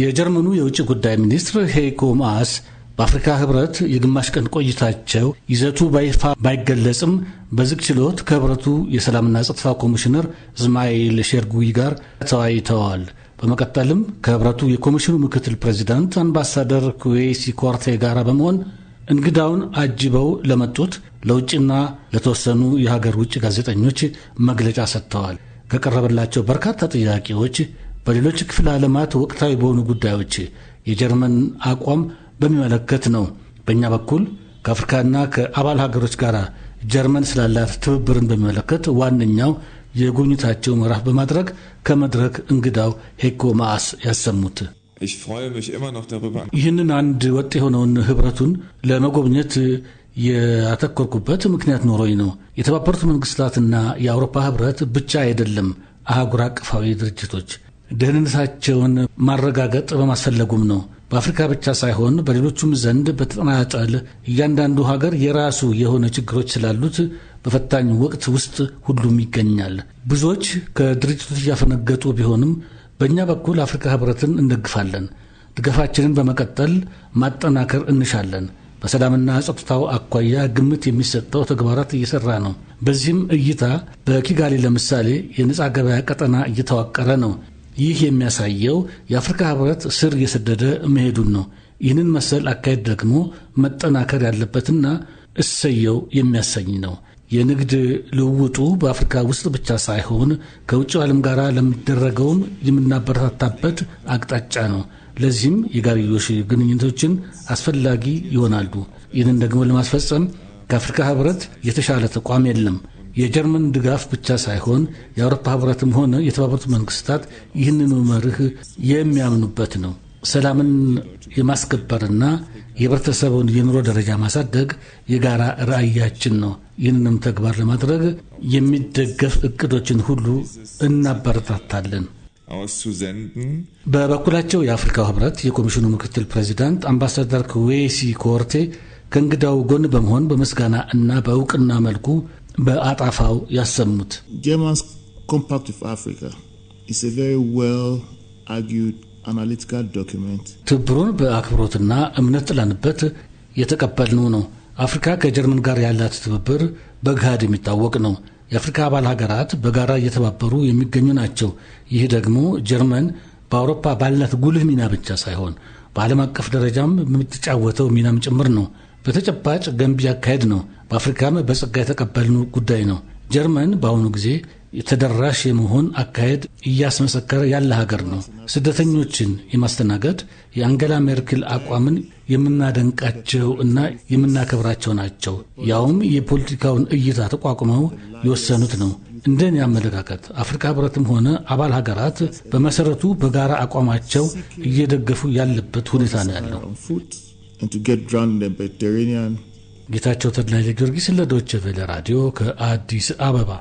የጀርመኑ የውጭ ጉዳይ ሚኒስትር ሄይኮ ማስ በአፍሪካ ህብረት የግማሽ ቀን ቆይታቸው ይዘቱ በይፋ ባይገለጽም በዝግ ችሎት ከህብረቱ የሰላምና ጸጥታ ኮሚሽነር እስማኤል ሼርጉይ ጋር ተወያይተዋል። በመቀጠልም ከህብረቱ የኮሚሽኑ ምክትል ፕሬዚዳንት አምባሳደር ኩዌሲ ኮርቴ ጋር በመሆን እንግዳውን አጅበው ለመጡት ለውጭና ለተወሰኑ የሀገር ውጭ ጋዜጠኞች መግለጫ ሰጥተዋል። ከቀረበላቸው በርካታ ጥያቄዎች በሌሎች ክፍለ ዓለማት ወቅታዊ በሆኑ ጉዳዮች የጀርመን አቋም በሚመለከት ነው። በእኛ በኩል ከአፍሪካና ከአባል ሀገሮች ጋር ጀርመን ስላላት ትብብርን በሚመለከት ዋነኛው የጉብኝታቸው ምዕራፍ በማድረግ ከመድረክ እንግዳው ሄኮ ማአስ ያሰሙት ይህንን አንድ ወጥ የሆነውን ህብረቱን ለመጎብኘት ያተኮርኩበት ምክንያት ኖሮኝ ነው። የተባበሩት መንግስታትና የአውሮፓ ህብረት ብቻ አይደለም፣ አህጉር አቀፋዊ ድርጅቶች ደህንነታቸውን ማረጋገጥ በማስፈለጉም ነው። በአፍሪካ ብቻ ሳይሆን በሌሎቹም ዘንድ በተጠናጠል እያንዳንዱ ሀገር የራሱ የሆነ ችግሮች ስላሉት በፈታኝ ወቅት ውስጥ ሁሉም ይገኛል። ብዙዎች ከድርጅቶች እያፈነገጡ ቢሆንም በእኛ በኩል አፍሪካ ህብረትን እንደግፋለን። ድጋፋችንን በመቀጠል ማጠናከር እንሻለን። በሰላምና ጸጥታው አኳያ ግምት የሚሰጠው ተግባራት እየሰራ ነው። በዚህም እይታ በኪጋሌ ለምሳሌ የነፃ ገበያ ቀጠና እየተዋቀረ ነው። ይህ የሚያሳየው የአፍሪካ ህብረት ስር እየሰደደ መሄዱን ነው። ይህንን መሰል አካሄድ ደግሞ መጠናከር ያለበትና እሰየው የሚያሰኝ ነው። የንግድ ልውውጡ በአፍሪካ ውስጥ ብቻ ሳይሆን ከውጭው ዓለም ጋር ለሚደረገውም የምናበረታታበት አቅጣጫ ነው። ለዚህም የጋርዮሽ ግንኙነቶችን አስፈላጊ ይሆናሉ። ይህንን ደግሞ ለማስፈጸም ከአፍሪካ ህብረት የተሻለ ተቋም የለም። የጀርመን ድጋፍ ብቻ ሳይሆን የአውሮፓ ህብረትም ሆነ የተባበሩት መንግስታት ይህንኑ መርህ የሚያምኑበት ነው። ሰላምን የማስከበርና የህብረተሰቡን የኑሮ ደረጃ ማሳደግ የጋራ ራዕያችን ነው። ይህንንም ተግባር ለማድረግ የሚደገፍ እቅዶችን ሁሉ እናበረታታለን። በበኩላቸው የአፍሪካው ህብረት የኮሚሽኑ ምክትል ፕሬዚዳንት አምባሳደር ክዌሲ ኮርቴ ከእንግዳው ጎን በመሆን በምስጋና እና በእውቅና መልኩ በአጣፋው ያሰሙት ጀርማንስ ኮምፓክት ኦፍ አፍሪካ ኢስ ኤ ቨሪ ዌል አርጊውድ አናሊቲካል ትብብሩን በአክብሮትና እምነት ጥለንበት የተቀበልነው ነው። አፍሪካ ከጀርመን ጋር ያላት ትብብር በግሃድ የሚታወቅ ነው። የአፍሪካ አባል ሀገራት በጋራ እየተባበሩ የሚገኙ ናቸው። ይህ ደግሞ ጀርመን በአውሮፓ ባላት ጉልህ ሚና ብቻ ሳይሆን በዓለም አቀፍ ደረጃም የምትጫወተው ሚናም ጭምር ነው። በተጨባጭ ገንቢ አካሄድ ነው። በአፍሪካም በጸጋ የተቀበል ጉዳይ ነው። ጀርመን በአሁኑ ጊዜ ተደራሽ የመሆን አካሄድ እያስመሰከረ ያለ ሀገር ነው። ስደተኞችን የማስተናገድ የአንገላ ሜርክል አቋምን የምናደንቃቸው እና የምናከብራቸው ናቸው። ያውም የፖለቲካውን እይታ ተቋቁመው የወሰኑት ነው። እንደኔ አመለካከት አፍሪካ ህብረትም ሆነ አባል ሀገራት በመሰረቱ በጋራ አቋማቸው እየደገፉ ያለበት ሁኔታ ነው ያለው። and to get drowned in the Mediterranean. ጌታቸው ተድላ ኃይለ ጊዮርጊስ ለዶይቼ ቬለ ራዲዮ ከአዲስ አበባ